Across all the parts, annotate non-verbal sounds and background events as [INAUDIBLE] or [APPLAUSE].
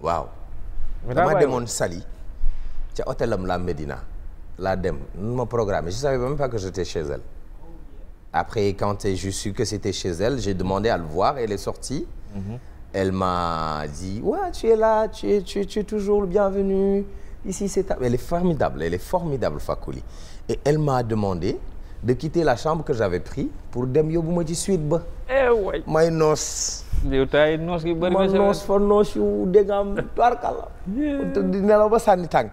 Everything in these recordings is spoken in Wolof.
waaw dama demoon la dem nu ma je savais même que j'étais chez elle après quand je suis que c'était chez elle j'ai demandé à le voir elle est sortie mm-hmm. elle m'a dit tu es là tu es toujours le bienvenu ici elle est formidable elle et elle m'a demandé de quitter la chambre que j'avais pris pour dem yóbbu ma ci suite ba eh may noos yow taay noos gi bëri na noos fa noos yu dégg am tubaarkàlla te di nelaw ba sànni tànk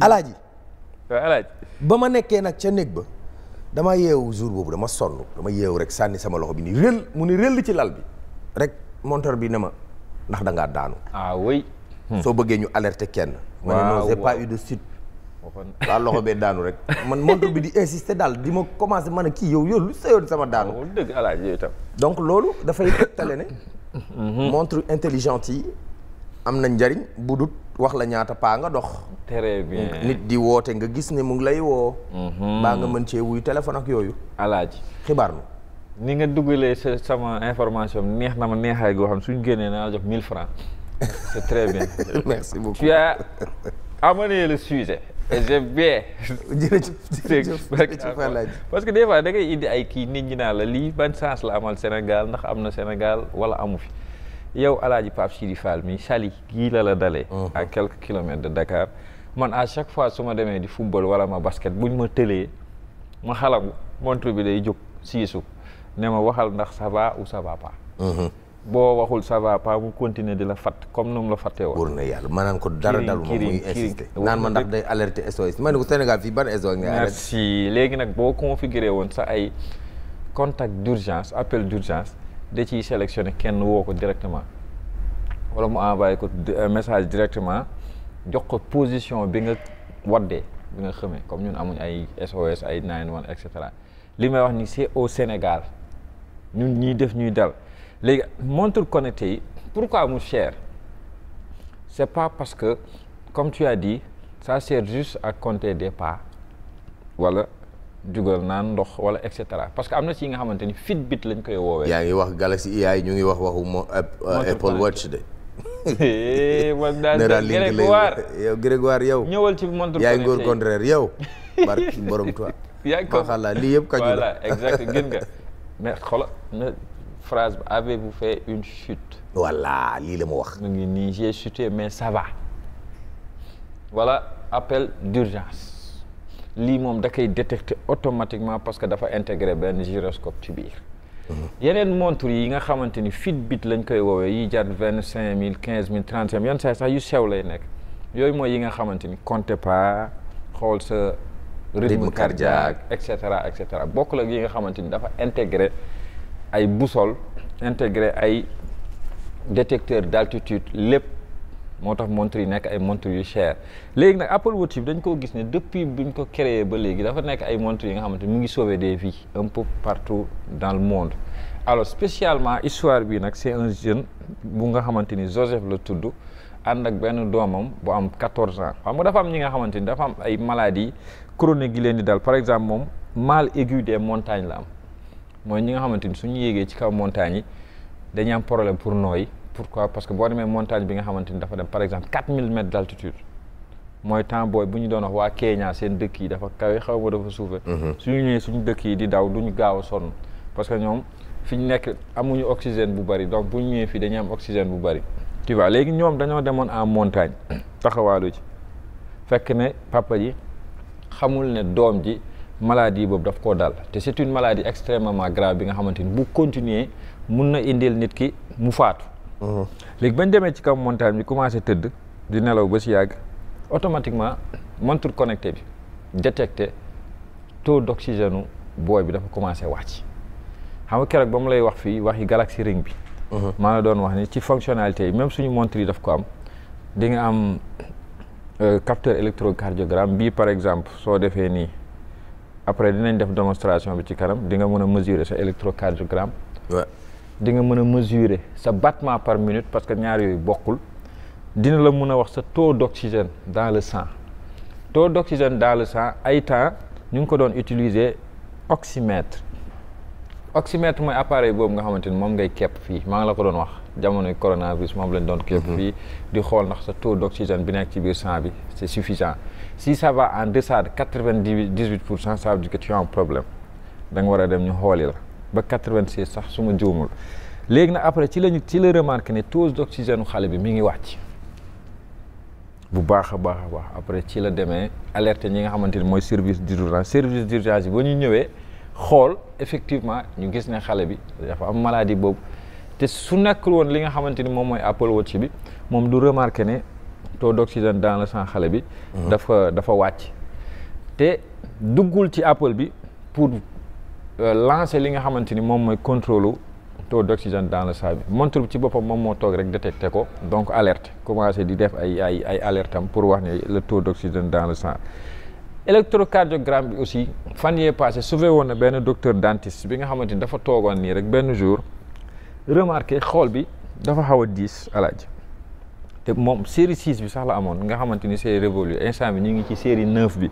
alaaji waaw ba ma nekkee nag ca néeg ba dama yeewu jour boobu dama sonn dama yeewu rek sànni sama loxo bi nii rël mu ni rëll ci lal bi rek monteur bi ne ma ndax da daanu ah oui soo bëggee ñu alerte kenn ma ne non j'ai pas eu de suite waxoon waa loxo bee daanu rek man montre bi di insister daal di ma commencé man a kii yow yow lu sëyoon sama daanu. dëgg alaaj yooyu tam. donc loolu dafay tegtale ne. montre intelligente yi am na njariñ bu dut wax la ñaata paa nga dox. très bien nit di woote nga gis ne mu ngi lay woo. Mhm. baa nga man cee wuy téléphone ak yooyu. alaaj xibaar nu ni nga dugalee sa sama information neex na ma neexaay goo xam suñ génnee naa jox 1000 francs c'est très bien. [LAUGHS] merci beaucoup tu j'aime bien. jërëjëf jërëjëf parce que des fois da ngay indi ay kii nit ñi naa la lii ban sens la amal Sénégal ndax am na Sénégal wala amu fi yow alaaji Pape Sidi Fall mi Saly gii la la dalee. ak uh-huh. quelques kilomètres de Dakar man à chaque fois su ma demee di football wala ma basket ñu ma tëlee ma xalamu montre bi day jóg siisu ne ma waxal ndax ça va ou ça boo waxul ça va pas mu continuer di la fàtt comme nu mu la fàttee woon. wóor na yàlla ma naan ko dara dalu muy naan ma ndax day alerter SOS ma ne ko Sénégal fii ban SOS ngay merci léegi nag boo configuré woon sax ay contact d'urgence appel d'urgence da ciy ne kenn woo ko directement wala mu envoyé ko euh, message directement jox ko position bi nga waddee bi nga xamee comme ñun amuñ ay SOS ay 91 et cetera li may wax ni c'est au Sénégal ñun ñii def ñuy dal. léegi montre connecté yi pourquoi mu cher c'est pas parce que comme tu as dit ça sert juste à compter des pas wala jugal naan ndox wala et cetera parce que am na si yi nga xamante ni bit lañ koy woowee. yaa ngi wax Galaxy AI ngi wax waxu mo Apple Watch de. [LAUGHS] Eh, man daal Grégoire yow Grégoire ñëwal ci montre yaa ngi góor contraire yow. [LAUGHS] barki borom toi. yaa ko macha allah lii yëpp kañu la exact gën nga [LAUGHS] mais xoolal. phrase bi avez-vous fait une chute. voilà lii la mu wax. mu ngi nii j'ai chuté mais ça va. voilà appel d'urgence lii moom da koy détecter automatiquement parce que dafa intégré benn gyroscope ci biir. Mhm. yeneen montre yi nga xamante ni Fitbit lañ koy woowee yi jar vingt cinq mille quinze mille trente cinq mille yan sax yu sew lay nekk yooyu mooy yi nga xamante ni compte pas xool sa rythme cardiaque et cetera et cetera bokkul ak yi nga xamante ni dafa intégré ay boussole intégré ay détecteur d'altitude lépp moo tax montre yi nekk ay montre yu cher léegi nag Apple Watch dañ koo gis ne depuis bu ñu ko créé ba léegi dafa nekk ay montre yi nga xamante mu ngi sauver des vies un peu partout dans le monde alors spécialement histoire bi nag c'est un jeune bu nga xamante ni Joseph la tudd ànd ak benn doomam bu am 14 ans xam nga dafa am ñi nga xamante ni dafa am ay maladies chroniques yi leen di dal par exemple moom mal aigu montagnes la am mooy ñi nga xamante ni suñu yéegee ci kaw montagne yi dañuy am problème pour pour pourquoi parce que boo demee montagne bi nga xamante ni dafa dem par exemple 4000 mètres d' altitude mooy temps booy bu ñu doon wax waa Kenya seen dëkk yi dafa kaw xaw ma dafa suufe mhm. suñu ñëwee suñu dëkk yi di daw duñu gaaw a sonn parce que ñoom fi ñu nekk amuñu oxygène bu bari donc bu ñu ñëwee fii dañuy am oxygène bu bari tu vois léegi ñoom dañoo demoon en montagne taxawaalu ji fekk ne papa ji xamul ne doom ji maladie boobu daf koo dal te c'est une maladie extrêmement grave bi nga xamante ni bu continuer mun na indil nit ki mu faatu. Mhm. léegi bañ demee ci kaw montagne bi commencé tëdd di nelaw ba si yàgg automatiquement montre connecté bi détecté taux d'oxygène booy bi dafa commencé wàcc xam nga keroog ba mu lay wax fii waxi Galaxy Ring bi. Mhm. maa la doon wax ni ci fonctionnalité yi même suñu montre yi daf ko am di nga am euh, capteur électrocardiogramme bii par exemple soo defee nii. après dinañ def démonstration bi ci kanam di nga mën a mesurer sa électrocardiogramme. di nga mën a mesurer sa battement par minute parce que ñaar yooyu bokkul. dina la mën a wax sa taux d' dans le sang taux d' oxygène dans le ay temps ñu ngi ko doon utiliser oxymètre oxymètre mooy appareil boobu nga xamante ni moom ngay kepp fii maa ngi la ko doon wax. jamono coronavirus moom lañ doon képp mhm. fii di xool ndax sa taux d' oxygène bi nekk ci biir sang bi c' suffisant si ça va en deçà de quatre vingt dix huit pour cent ça veut dire que tu problème da war a dem ñu xooli la ba quatre vingt sax suma ma juumul léegi nag après ci lañu ci la remarqué ne taux d' oxygène xale bi mu ngi wax ci bu baax a baax a après ci la demee alerte ñi nga xamante ni mooy service di urgence service d' urgence yi ba ñu ñëwee xool effectivement ñu gis ne xale bi dafa am maladie boobu te su nekkul woon li nga xamante ni moom mooy Apple Watch bi moom du remarqué ne taux d'oxygène dans le sang xale bi. Mhm. dafa dafa wàcc. te duggul ci Apple bi pour euh, lancer li nga xamante ni moom mooy contrôle taux d'oxygène dans le sang bi montre bi ci boppam moom moo toog rek détecté ko donc alerte commencé di def ay ay ay alerte pour wax ne le taux d'oxygène dans le sang. électrocardiogramme bi aussi fan yee passé sauvé woon na benn docteur dentiste bi nga xamante ni dafa toogoon nii rek benn jour. remarqué xool bi dafa xaw a diis alaaj te moom série six bi sax la amoon nga xamante ni c'est révolu instant bi ñu ngi ci seeri neuf bi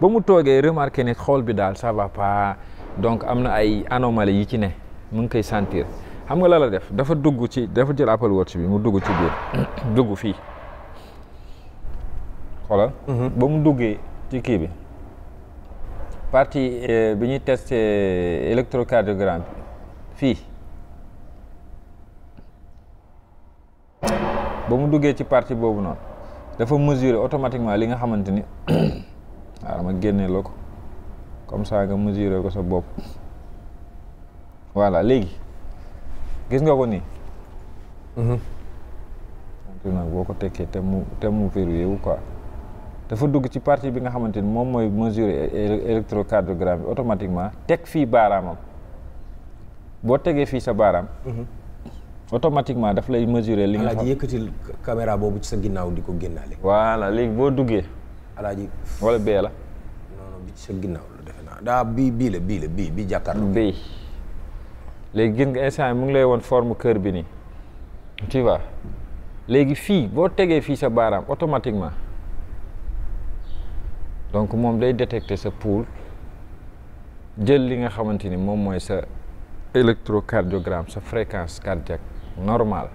ba mu toogee remarqué ni xool bi daal ça va pas donc am na ay anomalie yi ci ne mu ngi koy sentir xam nga la la def dafa dugg ci dafa jël Apple Watch bi mu dugg ci biir [COUGHS] dugg fii xoolal mhm. ba mu duggee ci kii bi partie euh, bi ñuy testé euh, électrocardiogramme bi fii ba mu duggee ci parti boobu noonu dafa mesurer automatiquement li nga xamante ni [COUGHS] waaw ma génne la ko comme ça nga mesurer ko sa bopp voilà léegi gis nga ko nii mhm. boo ko tekkee te mu te mu verrouillé wu quoi dafa dugg ci partie bi nga xamante ni moom mooy mesurer électrocardiogramme bi automatiquement teg fii baaraamam boo tegee fii sa baaraam mhm. automatiquement daf lay mesurer li nga xam alaaji yëkkatil caméra boobu ci sa ginnaaw di ko génnaale. voilà léegi boo duggee. alaaji wala la. non sa ginnaaw la defe naa bii bii la bii la léegi gis nga instant mu ngi lay woon form kër bi nii tu léegi fii boo tegee fii sa baaraam automatiquement donc moom day détecter sa pouls jël li nga xamante ni moom mooy sa électrocardiogramme sa fréquence cardiaque. normal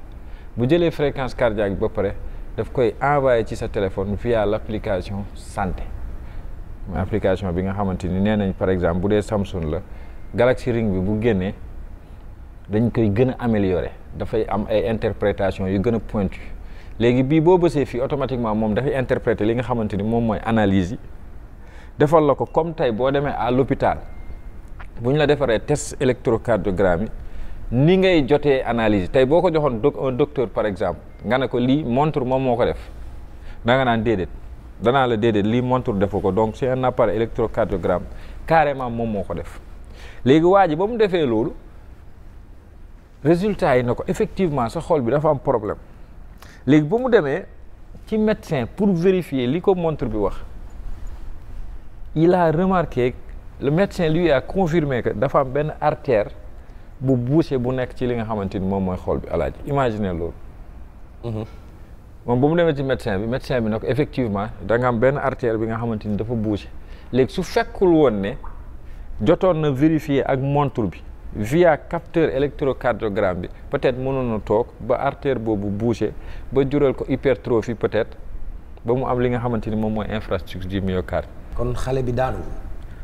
bu jëlee fréquence cardiaque ba pare daf koy envoyé ci sa téléphone via l' application santé application bi nga xamante ni nee nañ par exemple bu dee Samsung la Galaxy Ring bi bu génnee dañ koy gën a améliorer dafay am ay interprétation yu gën a pointu léegi bii boo bësee fii automatiquement moom dafay interpréter li nga xamante ni moom mooy analyse yi defal la ko comme tey boo demee à l'hôpital bu ñu la defaree test électrocardiogramme yi ni ngay jotee analyse tey boo ko joxoon un docteur par exemple nga ne ko lii montre moom moo ko def da nga naan déedéet danaa la déedéet lii montre defu ko donc c'est un appareil électrocardiogramme carrément moom moo ko def léegi waa ji ba mu defee loolu résultat yi na ko effectivement sa xol bi dafa am problème léegi ba mu demee ci médecin pour vérifier li ko montre bi wax il a remarqué le médecin lui a confirmé que dafa am benn artère bu bouché bu nekk ci li nga xamante ni moom mooy xool bi alaaji imagine loolu mhm. moom bu mu demee ci médecin bi médecin bi nag effectivement danga am benn artère bi nga xamante ni dafa bouché léegi su fekkul woon ne jotoon na vérifier ak montre bi via capteur électrocardiogramme bi peut-être mënoon na toog ba artère boobu bouché ba jural ko hypertrophie peut-être ba mu am li nga xamante ni moom mooy infrastructure du myocarde kon xale bi daanu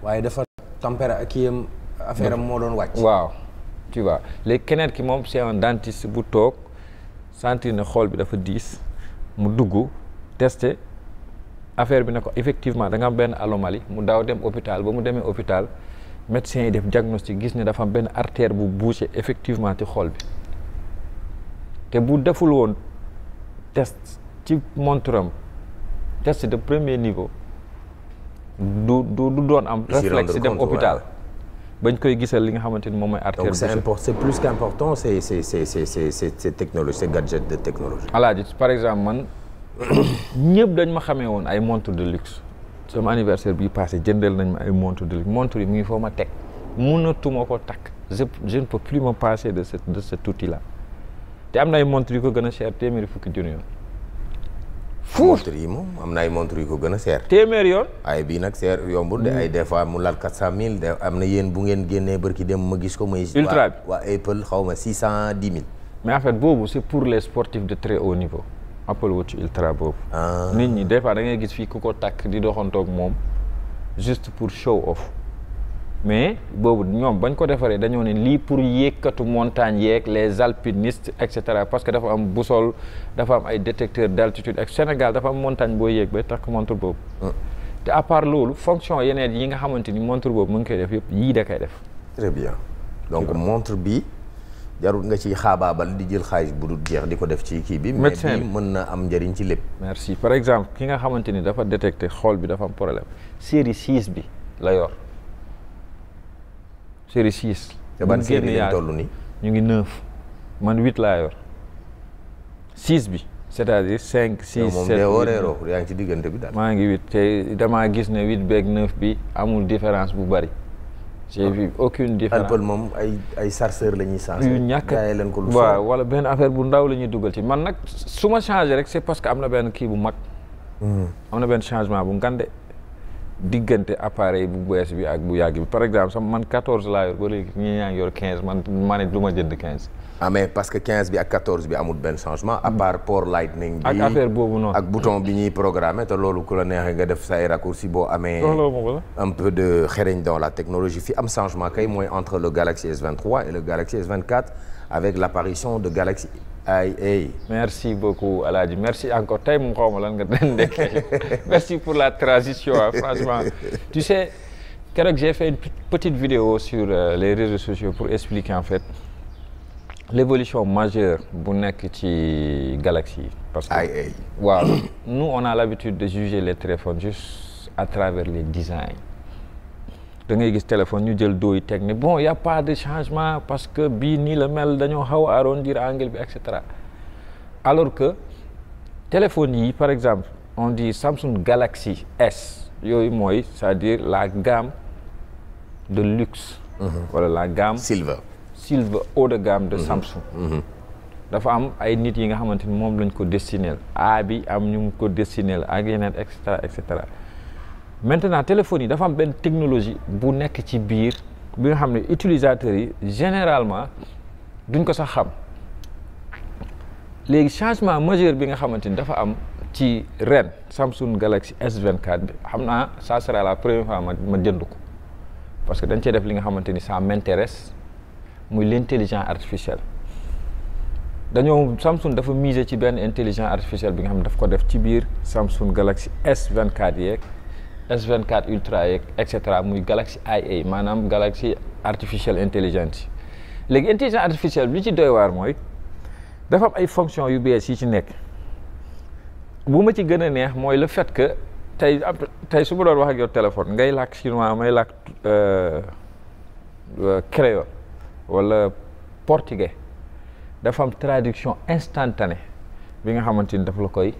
waaye dafa tempéra ak yem affaire moo doon wàcc waaw tu vois léegi keneen ki moom c'est un dentiste bu toog sentir ne xool bi dafa diis mu dugg teste affaire bi ne ko effectivement danga am benn alomali mu daw dem hôpital ba mu demee hôpital médecin yi def diagnostic gis ne dafa am benn artère bu bouché effectivement ci xool bi te bu deful woon test ci montram test de premier niveau du du du doon am si dem hôpital bañ koy gisal li nga xamante ni moom mooy artère donc c'est important c'est plus qu'important c'est c'est c'est technologie c'est gadget de technologie alaaji par exemple man [COUGHS] ñëpp dañ ma xamee woon ay montre de luxe sama anniversaire bi passé jëndeel nañ ma ay montre de luxe montre yi mu ngi foo ma teg mënatuma ko takk je je ne peux plus me passer de ce de cet outil là te am na ay montre yu ko gën a cher téeméeri fukki junni yoon fuuf yi moom am na ay montre yu ko gën a seer. téeméer yoon. ay bii nag seer yombul de hmm. ay des fois mu laal quatre de am na yéen bu ngeen génnee barki dem ma gis ko. muy ultra bi waa Apple xaw ma six cent dix mille. mais en fait boobu c'est pour les sportifs de très haut niveau. Apple Watch Ultra boobu. Ah. nit ñi des fois da ngay gis fii ku ko takk di doxantoog moom juste pour show off. mais boobu ñoom bañ ko defaree dañoo ne lii pour yékkatu montagne yeeg les alpinistes et cetera parce que dafa am boussole dafa am ay détecteur d' altitude ak Sénégal dafa montagne boo yéeg bay takk montre boobu ah. te à part loolu fonction yeneen yi nga xamante ni montre boobu mu ngi koy def yëpp yii da koy def très bien donc montre bi jarul nga ciy xaabaabal di jël xaalis bu du jeex di ko def ci kii bi mais bi mën na am njëriñ ci lépp merci par exemple ki nga xamante ni dafa détecté xool bi dafa am problème série bi la yor série six. te ban série lañ toll ñu ngi neuf man huit la yor six bi. c'est-à-dire cinq six sept moom yaa ngi ci diggante bi maa ngi huit te damaa gis ne huit beeg neuf bi amul différence bu bari. j'ai vu aucune différence Apple moom ay ay chargeur la ñuy changé. yu ñàkk leen ko lu waaw wala benn affaire bu ndaw la ñuy dugal ci man nag su ma changé rek c'est parce que am na benn kii bu mag. Hmm. am na benn changement bu ngande. diggante appareil bu bees bi ak bu yàgg bi par exemple sama man 14 laa yor ba léegi ñii ñaa man ma ne lu ma jënd 15. ah mais parce que 15 bi ak 14 bi amul benn changement à part port lightning bi ak affaire boobu noonu ak bouton bi ñuy programmé te loolu ku la neexee say raccourci boo amee un peu de xereñ dans la technologie fi am changement kay mooy entre le Galaxy S23 et le Galaxy s avec l'apparition de Galaxy ay merci beaucoup Alaaji merci encore tey moom xaw ma lan nga [LAUGHS] merci pour la transition franchement tu sais keroog j'ai fait une petite vidéo sur euh, les réseaux sociaux pour expliquer en fait l'évolution majeure bu nekk ci galaxie parce que ay waaw nous on a l'habitude de juger les téléphones juste à travers les designs da ngay gis téléphone ñu jël doo yi teg ne bon y' a de changement parce que bii nii la mel dañoo xaw a arrondir angle bi et alors que téléphone yi par exemple on dit Samsung Galaxy S yooyu mooy cest dire la gamme de luxe. Mhm. wala la gamme silver. silver haut de gamme de mhm. Samsung. Mhm. dafa am ay nit yi nga xamante ni moom lañ ko destiné A bi am ñu ko destiné ak yeneen et cetera et cetera. maintenant téléphone yi dafa am benn technologie bu nekk ci biir bi nga xam ne utilisateurs yi généralement duñ ko sax xam léegi changement majeur bi nga xamante ni dafa am ci ren Samsung Galaxy S24 bi xam naa ça la première fois ma ma jënd ko parce que dañ cee def li nga xamante ni ça m'intéresse muy l'intelligence artificielle dañoo Samsung dafa miser ci benn intelligence artificielle bi nga xam ne daf ko def ci biir Samsung Galaxy S24 yeeg S24 Ultra yeeg et cetera muy Galaxy IA e maanaam Galaxy artificial intelligence léegi intelligence artificielle bi ci doy waar mooy dafa am ay fonctions yu bees yi ci nekk bu ma ci gën a neex mooy le fait que tey tey su ma doon wax ak yow téléphone ngay làkk chinois may làkk euh, euh, créole wala portugais dafa am traduction instantanée bi nga xamante ni daf la koy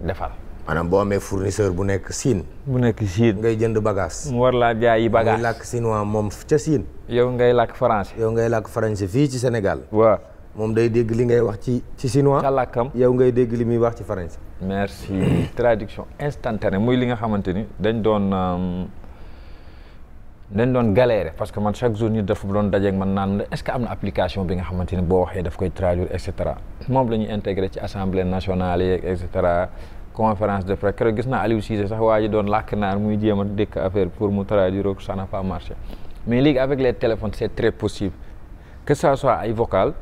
defal. manaam boo amee fournisseur bu nekk Siin. bu nekk Siin ngay jënd bagage. mu war laa jaayi bagage ngay làkk chinois moom ca Siin. yow ngay làkk français. yow ngay làkk français fii ci Sénégal. waaw moom day dégg li ngay wax ci ci chinois. ca làkkam yow ngay dégg li muy wax ci français. merci [COUGHS] traduction instantanée muy li nga xamante ni dañ doon. Euh, dañ doon galéré parce que man chaque jour nit dafa doon dajeeg man naan est ce que am na bi nga xamante ni boo waxee daf koy et cetera moom la ñuy intégré ci assemblée nationale yeeg et cetera conférence de presse keroog gis naa Aliou sax waa ji doon làkk naar muy jéema a dékk affaire pour mu traduire ko ça n'a pas marché mais léegi avec les téléphones c'est très possible que ça soit ay vocal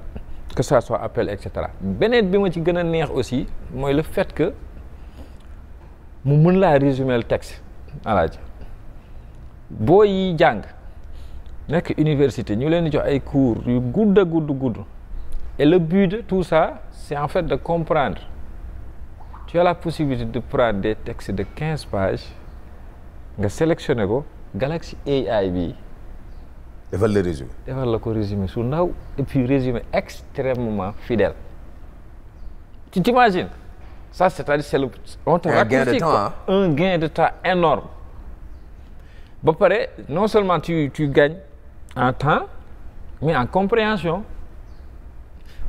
que ça soit appel et cetera beneen bi ma ci gën a neex aussi mooy le fait que mu mën laa résumer le texte alaaji boo yi jàng nekk université ñu leen di jox ay cours yu gudd a gudd gudd et le but de tout ça c'est en fait de comprendre tu as la possibilité de prendre des textes de quinze pages nga sélectionné ko Galaxy AI bi. defal résumé. defal la ko résumé su naw et puis résumé extrêmement fidèle. tu t'imagines ça c'est-à-dire c'est le un gain de temps hein? un énorme ba pare non seulement tu tu en temps mais en compréhension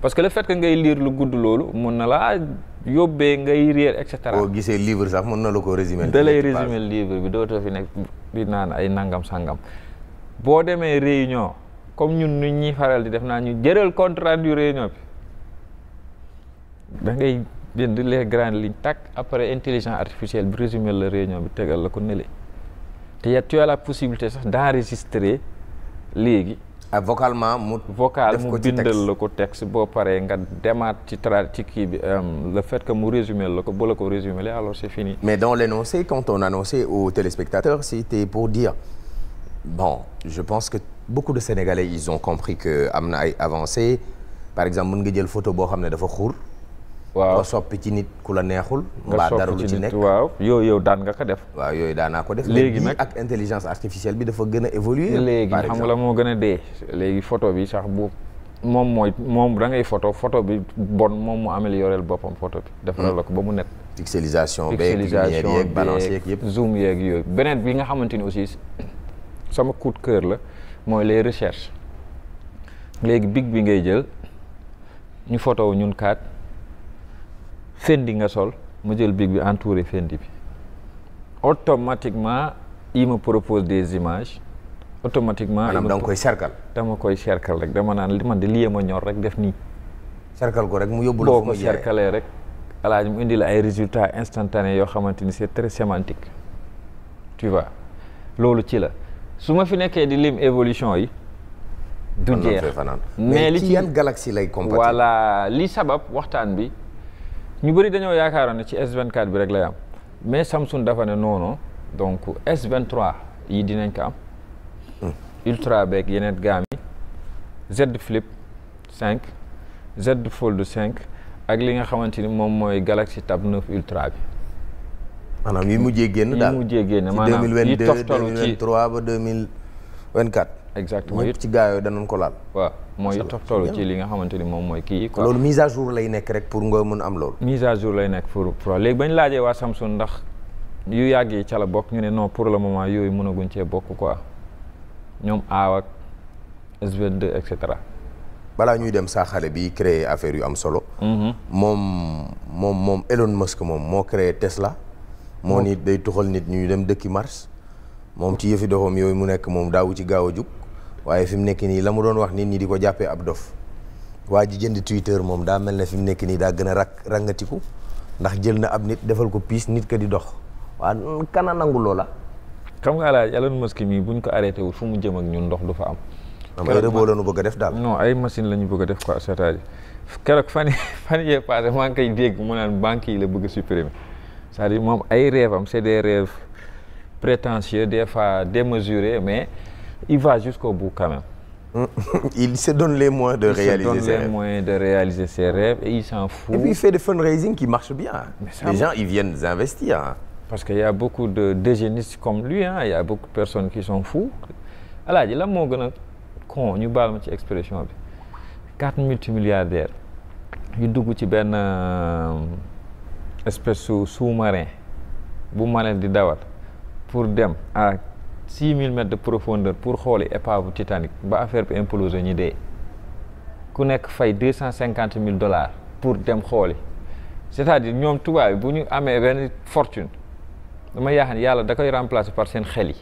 parce que le fait que ngay lire lu gudd loolu mën na laa. yóbbee ngay réer et cetera. boo gisee livre sax mun na la ko résumer. da lay résumer livre bi dootoo fi nekk bi naan ay nangam sangam. boo demee réunion comme ñun nu ñuy faral di def naa ñu jëral compte rendu réunion bi da ngay bind les grandes lignes takk après intelligence artificielle bi résumer la réunion bi tegal la ko nële te ya tu as la possibilité sax d'enregistrer léegi. Ah, vocalement mu vocal mu bindal la ko texte boo paree nga demaat ci tra ci kii bi euh, le fait que mu résumé la ko bu la ko résumé la alors c'est fini. mais dans l'énoncé quand on annonçait aux téléspectateurs c'était pour dire bon je pense que beaucoup de Sénégalais ils ont compris que am na ay avancées par exemple mën nga jël photo boo xam ne dafa xuur. waaw soppi ci nit ku la neexul. mbaa dara lu ci nekk waaw yooyu yow daan nga ko def. waaw yooyu daan naa ko def. léegi nag ak intelligence artificielle bi dafa gën a évoluer. léegi xam nga moo gën a dee. léegi photo bi sax bu moom mooy moom da ngay photo photo bi bon moom mu amélioré boppam photo bi. defaral la ko ba mu nekk. pixelisation beeg lumière yeeg balance yeeg yëpp zoom yeeg yooyu beneen bi nga xamante ni aussi sama coup de la mooy les recherches léegi big bi ngay jël ñu photo ñun kaat. fendi nga sol ma jël big bi entouré fendi bi automatiquement il ma propose des images automatiquement maanaam da nga koy cercle dama koy cercle rek dama naan li man de liyee ma ñor rek def nii cercle ko rek mu yóbbu la boo ko cercle rek alaaji mu indi la ay résultats instantanés yoo xamante ni c'est très sémantique loolu ci la su ma fi nekkee di lim évolution yi du jeex mais li ci yan galaxie lay compatible voilà li sabab waxtaan bi ñu bëri dañoo yaakaaroon na ci S24 bi rek lay am mais Samsung dafa ne noonu donc S23 yi dinañ ko am. Hmm. ultra beeg yeneen gaam yi Z Flip 5 Z Fold 5 ak li nga xamante ni moom mooy Galaxy Tab 9 ultra bi. maanaam yi mujjee génn daal yi mujjee génn maanaam yi toftalu ci 2022 2023 ba 2024. exactement ñëpp ci gaa yooyu danañ ko laal. waaw mooy toll ci li nga xamante ni moom mooy kii quoi. loolu mise à jour lay nekk rek pour nga mën am loolu. mise à jour lay nekk pour pour léegi bañ laajee waa Samsung ndax yu yàgg yi ca la bokk ñu ne non pour le moment yooyu mënaguñ cee bokk quoi ñoom aaw ak de 22 et cetera. balaa ñuy dem saa xale bi créer affaire yu am solo. Mm-hmm. moom moom moom Elon moom moo créé Tesla. moo nit day tuxal nit ñuy dem dëkki Mars moom ci yëfi doxam yooyu mu nekk moom daawu ci gaaw a jub. waaye fi mu nekk nii la mu doon wax nit nii di ko jàppee ab dof waa ji jënd Twitter moom daa mel ne fi mu nekk nii daa gën a rak rangatiku ndax jël na ab nit defal ko piis nit ka di dox waa kana nangu loola xam nga alaaj Elon Musk mii buñ ko arrêté wul fu mu jëm ak ñun ndox du fa am ay rëboo la ñu bëgg a def daal non ay machine la ñu bëgg a def quoi c'est-à-dire keroog fan [LAUGHS] fan yee passé banque yi la bëgg a supprimer cest à moom ay rêve am c'est des rêves prétentieux des fois démesurés mais il va jusqu'au bout quand même. [LAUGHS] il se donne les moyens de il réaliser ses rêves. Il se donne les moyens de réaliser ses rêves et il s'en fout. Et puis il fait des fundraising Parce qu'il y a beaucoup de dégénistes comme lui, hein. y a beaucoup de personnes qui sont fous. Alaaji lan moo gën a con ñu baal ma ci expression bi quatre multimilliardaires yu dugg ci benn euh, espèce sous-marin bu ma leen di dawal pour dem six mille mètres de profondeur pour xooli épave Titanic ba affaire bi implosé ñu dee ku nekk fay deux cent cinquante mille dollars pour dem xooli c'est-à-dire ñoom tubaab yi bu ñu amee benn fortune dama yaakaar ne yàlla da koy remplacer par seen xel yi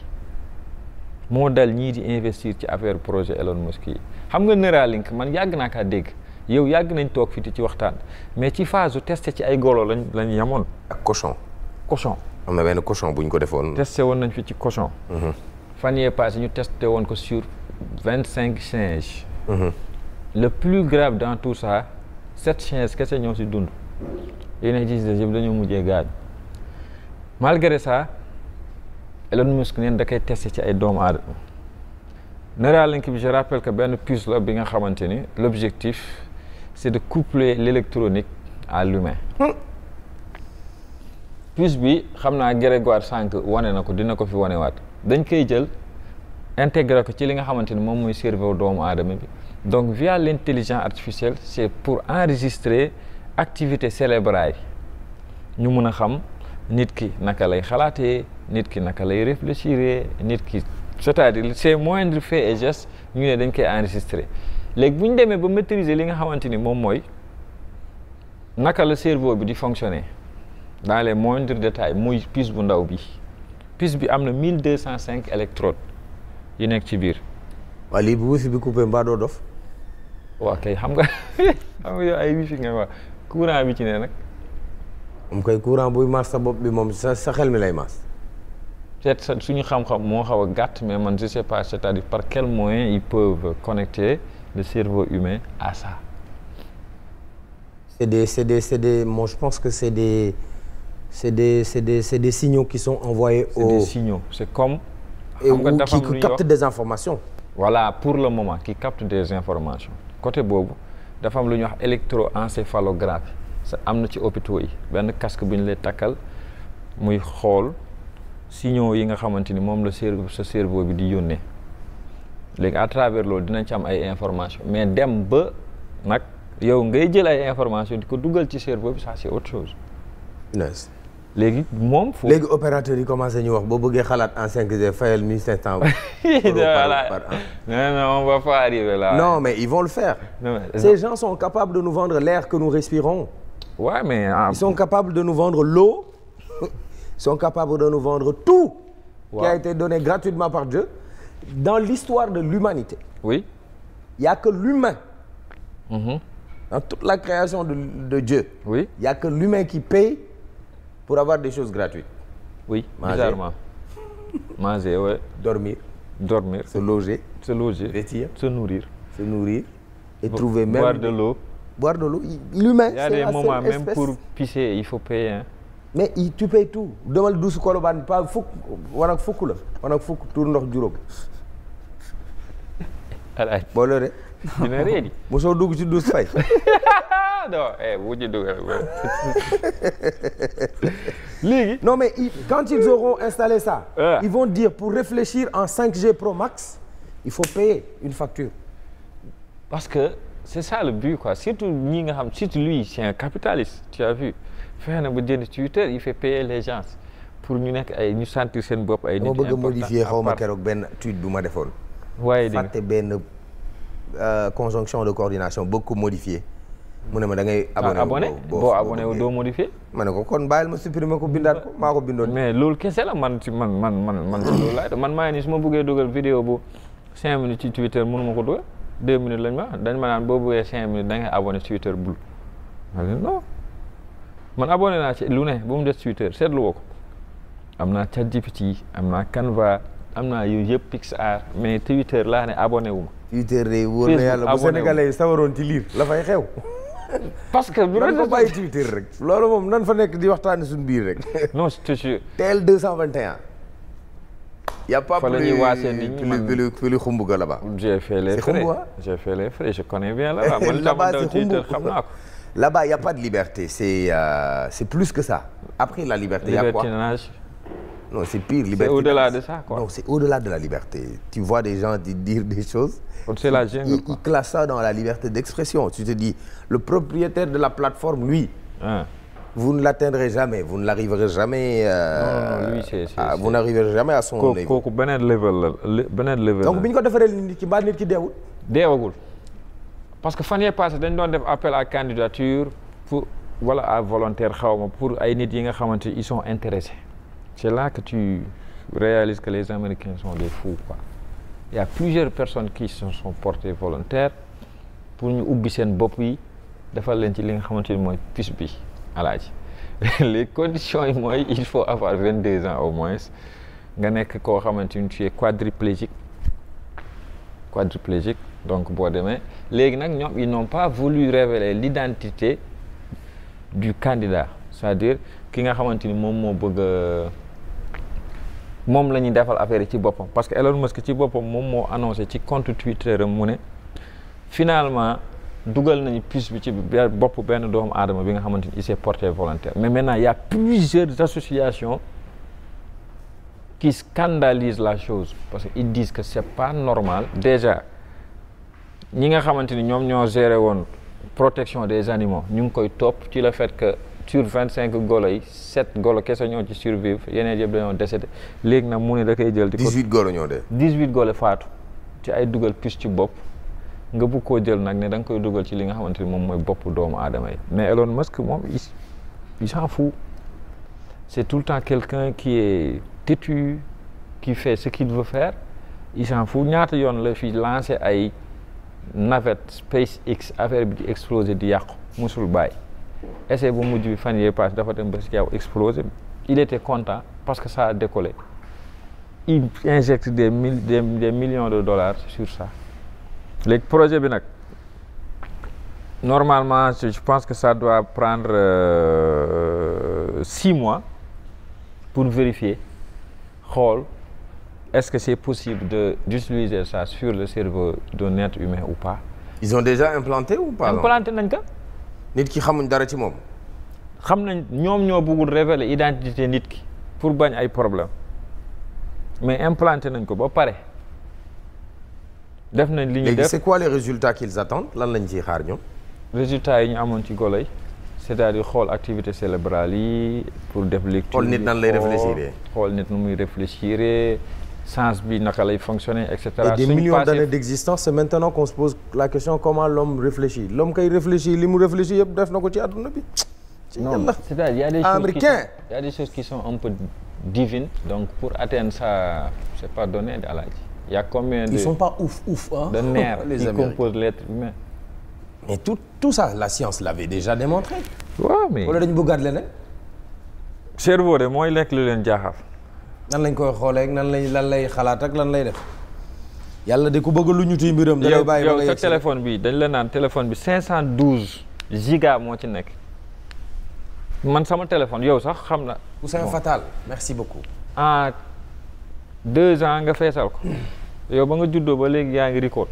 moo dal ñii di investir ci affaire projet Elon Musk yi xam nga Neuralink man yàgg naa kaa dégg yow yàgg nañ toog fii ci waxtaan mais ci phase su testé ci ay golo lañ lañ yemoon ak cochon. cochon. am na benn cochon ko defoon. testé woon nañ fi ci cochon. Mhm. fan yee passé ñu testé woon ko sur vingt cinq singes. Mhm. le plus grave dans tout ça sept singes kese ñëw si dund. yeneen ci des yëpp dañoo mujjee gaañ. malgré ça Elon Musk neen da koy testé ci ay doomu aadama. Neuralink bi je rappelle que benn puce la bi nga xamante ni l' objectif est de coupler l' électronique à l'humain hmm. puce bi xam naa Grégoire sànq wane na ko dina ko fi wanewaat dañ koy jël integre ko ci li nga xamante ni moom mooy cerveau doomu aadama bi donc via l' intelligence artificielle est pour enregistrer activité cérébrale yi ñu mun a xam nit ki naka lay xalaatee nit ki naka lay réfléchir nit ki c' est à dire ses moindres faits et gestes ñu ne dañ koy enregistrer léegi bu ñu demee ba maîtriser li nga xamante ni moom mooy naka la cerveau bi di fonctionner. dans les moindres détails muy pièce bu ndaw bi pièce bi am na mille deux cent cinq électrodes yi nekk ci biir. waaw lii bu wifi bi coupé mbaa doo dof. waaw kay xam nga [LAUGHS] xam nga yow ay wifi nga wax courant bi ci nee nag. moom kay courant buy mars sa bopp bi moom sa sa xel mi lay mars. peut-être suñu xam-xam moo xaw a gàtt mais man je sais pas cest par quel moyen ils peuvent connecter le cerveau humain à ça. c'est des c'est des c'est des moi je pense que c'est des. c'est des c'est des c'est des signaux qui sont envoyés aux. c'est des signaux c'est comme. xam nga dafa am lu ñuy wax et qui capte pour le moment qui capte des informations côté boobu dafa am lu ñuy wax électroencéphalographie am na ci hôpitaux yi benn casque bu ñu lay takkal muy xool signaux yi nga xamante ni moom la cerveau sa cerveau bi di yónnee léegi à travers loolu dinañ ci am ay informations mais dem ba nag yow ngay jël ay information di ko dugal ci cerveau bi ça c'est autre chose. léegi moom. foofu léegi opérateur yi commencé ñu wax boo bëggee xalaat en 5G fayal 1500. ni [LAUGHS] par an. non non on va pas arriver là. non mais ils vont le faire. Non, mais... ces gens de nous vendre l'air que nous respirons. waaw ouais, mais. Ah. ils sont capables de nous vendre l'eau [LAUGHS] ils sont de nous vendre tout. waaw a été donné gratuitement par Dieu. dans l'histoire de l'humanité oui. il y a que l'humain. Mm -hmm. dans toute la création de de Dieu. oui il y a que l'humain qui paye. pour avoir des choses gratuites. oui manger. bizarrement manger ouais. dormir. dormir se loger. se loger vêtir se nourrir. se nourrir et de l'eau boire de l'eau l'humain c'est la pour pisser il faut payer mais il tu payes tout demal douze kolobaan pas fukk wanak fukk la wanak fukk tuur ndox juróom. dina réer yi. [LAUGHS] mosoo dugg ci douze fay. [LAUGHS] non eh bu ci dugg [LAUGHS] léegi. non mais quand ils auront installé ça. Ah. ils vont dire pour réfléchir en 5G Pro Max il faut payer une facture. parce que c'est ça le but quoi surtout ñi nga xam surtout lui c'est un capitaliste tu as vu fexe na ba jënd Twitter il fait payer les gens pour ñu nekk ay ñu sentir seen bopp ay. nit ñi important bëgg a modifier xaw ma keroog benn tweet bu ma defoon. Euh, conjonction de coordination bëgg ko modifier mu ne ma da ngay ah, abonné boo abonné wu doo modifié ma ne ko kon bàyyil ma ko bindaat ko ko bindoon mais loolu kese la man ci man man man man man maa ngi su ma bëggee dogal vidéo bu cinq minutes ci Twitter mënu ma ko dugal deux la lañ ma dañ ma naan boo bëggee cinq minutes da ngay abonné Twitter bul ma ne non man abonné naa ci lu ne ba mu des Twitter seetlu woo ko am naa ChatGPT am naa Canva am naa yooyu yëpp Pixar mais Twitter laa ne abonné wu Twitter de wóor na yàlla bu sénégalais yi sawaroon ci liir la fay xew. [LAUGHS] parce que bu doon bàyyi Twitter rek. loolu moom nan fa nekk di waxtaan suñu biir rek. [LAUGHS] non je te jure. teel 221. y' a pas plus plus plus plus xumbu ga là-bas. j'ai fait les frais j'ai fait les [LAUGHS] a pas de liberté euh, c'est plus que ça. après la liberté y' a quoi non c'est pire. liberté c'est au-delà de ça quoi. non c'est au-delà de la liberté. tu vois des gens di dire des choses. c'est la jungle quoi ils classent dans la liberté d'expression tu te dis le propriétaire de la plateforme lui. Ah. vous ne l'atteindrez jamais vous ne l'arriverez jamais. Euh, non non lui c'est c'est vous n'arriverez jamais à son niveau. kooku beneen level la beneen level donc bi ñu ko defaree nit ki mbaa nit ki parce que fan yee passé dañ doon def appel à candidature pour volontaire xaw ma pour ay nit yi nga xamante ils sont intéressés. c'est là que tu réalises que les Américains sont des fous quoi il y a plusieurs personnes qui se sont portées volontaires pour ñu ubbi seen bopp yi defal leen ci li nga xamante ni mooy puce bi alaaji [LAUGHS] les conditions yi mooy il faut avoir vingt deux ans au moins nga nekk koo xamante ni tu es quadriplégique quadriplégique donc boo demee léegi nag ñoom ils n'ont pas voulu révéler l'identité du candidat c'est-à-dire ki nga xamante ni moom moo bëgg moom la ñuy defal affaire ci boppam parce que Elon Musk ci boppam moom moo annoncé ci compte Twitter am mu ne finalement dugal nañu puce bi ci bopp benn doomu aadama bi nga xamante ni il s'est porté volontaire mais maintenant il y a plusieurs associations qui scandalisent la chose parce que ils disent que c'est pas normal déjà ñi nga xamante ni ñoom ñoo géré woon protection des animaux ñu ngi koy topp ci le fait sur vingt cinq golo yi sept golo kese ñoo ci survivre yeneen yëpp dañoo décédé léegi nag mu ni da koy jël. di golo ñoo dee. dix huit golo faatu ci ay dugal pis ci bopp nga bëgg koo jël nag ne danga koy dugal ci li nga xamante ni moom mooy boppu doomu aadama yi mais Elon Musk moom il s'en fout c'est tout le temps quelqu'un qui est têtu qui fait ce qu'il veut faire il s'en ñaata yoon la fi lancé ay navette SpaceX affaire bi di explosé di yàqu mosul bàyyi. essai bu mujj bi fan yee passe dafa dem ba si kaw explosé il était content parce que ça a décollé il injecte des mille des, des millions de dollars sur ça léegi projet bi nag normalement je pense que ça doit prendre euh, six mois pour vérifier xool est-ce que c'est possible de d'utiliser sa sur le cerveau d'un être humain ou pas ils ont déjà implanté ou pas implanté nañ ko nit ki xamuñ dara ci moom. xam nañ ñoom ñoo bëggul révéler identité nit ki pour bañ ay problème mais implanté nañ ko ba pare. def nañ li ñu def léegi c'est quoi les résultats qu'ils lan lañ ciy xaar ñoom. résultat yi ñu amoon ci golo yi c'est-à-dire xool activité cérébrale yi pour def. lecture xool nit nan lay réfléchir xool nit muy réfléchir. sens bi naka lay fonctionner et cetera. des millions d'années d'existence c'est maintenant qu'on se pose la question comment l'homme réfléchit l'homme kay réfléchit li mu réfléchit yëpp def na ko ci àdduna bi. ci yàlla américain il y a des choses qui sont un peu divines donc pour atteindre sa c'est pas donné Alaaji. il y a combien de ils sont ouf ouf hein. de nerfs [LAUGHS] qui composent l'être tout tout ça la science la déjà démontré. waaw mais wala dañu bëggaat leneen. cerveau de mooy lekk lu leen jaaxal. nan lañ koy xoolee ak nan lay lan lay xalaat ak lan lay def yàlla de ku bëgg lu ñu tuy mbiram. da lay bàyyi yow sa téléphone bi dañ la naan téléphone bi 512 giga moo ci nekk man sama téléphone yow sax xam na. Ousseyn Fatal merci beaucoup. ah deux ans nga feesal ko. yow ba nga juddoo ba léegi yaa ngi record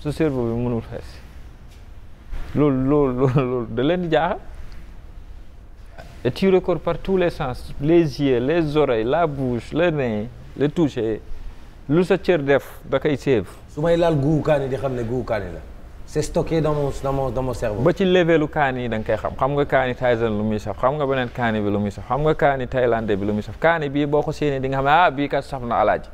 su cerveau bi mënul fees loolu loolu loolu da leen di jaaxal. Et tu records par tout les sens, les yeux, les oreilles, la bouche, le nez, le toucher. lu sa cër def da koy save. su may laal guubu kaani di xam ne guubu kaani la c'est stocké dans mon dans mon dans mon cerveau. ba ci levelu kaani yi da koy xam xam nga kaani Tyson lu muy saf xam nga beneen kaani bi lu muy saf xam nga kaani thaïlandais bi lu muy saf kaani bii boo ko séenee di nga xam ne ah bii kat saf na alaaji.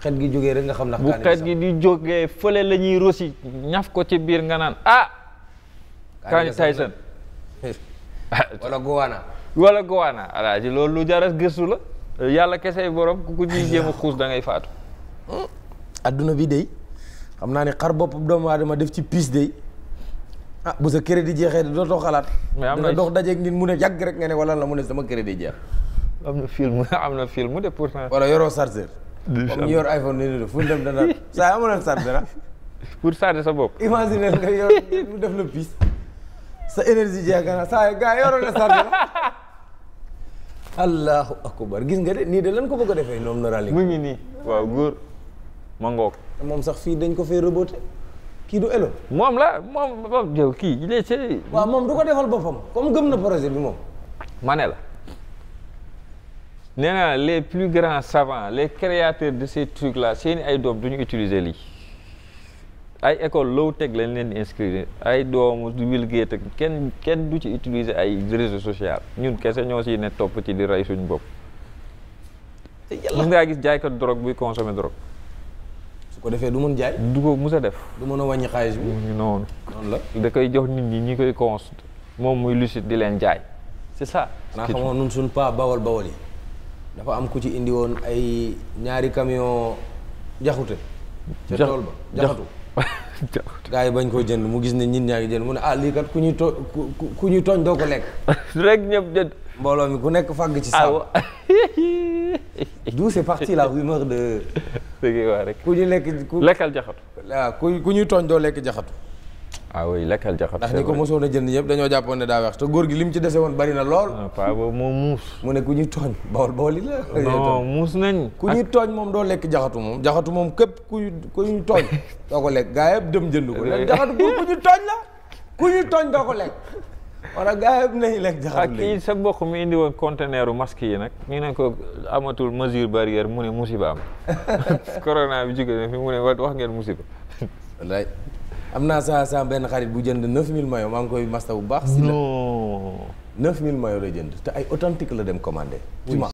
xet gi jógee rek nga xam ndax. kaani bu xet gi di jógee fële la ñuy rosi ñaf ko ci biir nga naan ah. kaani Tyson [LAUGHS] wala Gowana. wala Gowana alaaji loolu lu jar a la yàlla kese borom ku ko ñuy jéem a xuus da ngay faatu. Hmm. adduna bi dey xam naa ni xar bopp doomu aadama def ci piis dey ah bu sa crédit jeexee dootoo xalaat. mais am na dox dajeeg nit mu ne yàgg rek nga ne wala la mu ne sama crédit jeex. am na film [LAUGHS] am na film de pourtant. wala yoroo chargeur. yor iPhone nii nii fu ñu dem [LAUGHS] saa amoon ah. sa bopp. imagine nga yor mu def la piis. sa énergie jeex nga saa yi gars na la. allahu akbar gis nga de nii de lan ko bëgg defee ñoom na rali. mu ngi nii waaw góor ma ngoog. moom sax fii dañ ko fay rebooté kii du elo. moom la moom moom jëw kii il est waaw moom du ko defal boppam comme gëm na projet bi moom. ma ne la nee naa les plus grands savants les créateurs de ces trucs là seeni ay doom du ñu utiliser lii. ay école low teg leen leen di inscrire ay doomu Bill Gates ak kenn kenn du ci utiliser ay réseaux social ñun kese ñoo si ne topp ci di rey suñ bopp. mën ngaa gis jaaykat drogue buy consommer drogue. su ko defee du mën jaay. du ko mus a def. du mën a wàññi xaalis bi. noonu da koy jox nit ñi ñi koy cons moom muy lucide di leen jaay c'est ça. xanaa xamoon nun suñ pa bawol bawol yi dafa am ku ci indi woon ay ñaari camion jaxute. ca tool ba jaxatu gaa yi bañ koo jënd mu gis ne nit ñaa ngi jënd mu ne ah lii kat ku ñuy tooñ ku ñuy tooñ doo ko lekk [LAUGHS] rek ñëpp jënd mbooloo mi ku nekk fàgg ci saabu ah, [LAUGHS] d'où c'est parti la rumeur de ku ñu lekk ku lekkal jaxatu waaw ku ku ñuy tooñ doo lekk jaxatu ah oui lekkal jaxat ndax ñi ko mosoon a jënd ñëpp dañoo jàppoon ne daa weex te góor gi li mu ci dese woon bari na lool. Ah, paa boobu moom muus. mu ne ku ñuy tooñ bawol bawol yi la. [LAUGHS] tooñ moom doo lekk jaxatu moom jaxatu moom képp ku [LAUGHS] ku ñuy tooñ. doo ko lekk gaa yëpp dem ko. jaxatu pour ku ku ñu tooñ doo ko lekk. wala gaa yëpp nañu lekk jaxatu léegi. kii sa yi nag. ñu ne ko amatul mesure barrière mu ne musiba am [LAUGHS] corona bi jigéen na fi mu ne wax ngeen musiba am naa sa sa benn xarit bu jënd 9000 maillots maa ngi koy masta bu baax. si la 9000 maillots la jënd te ay authentique la dem commandé.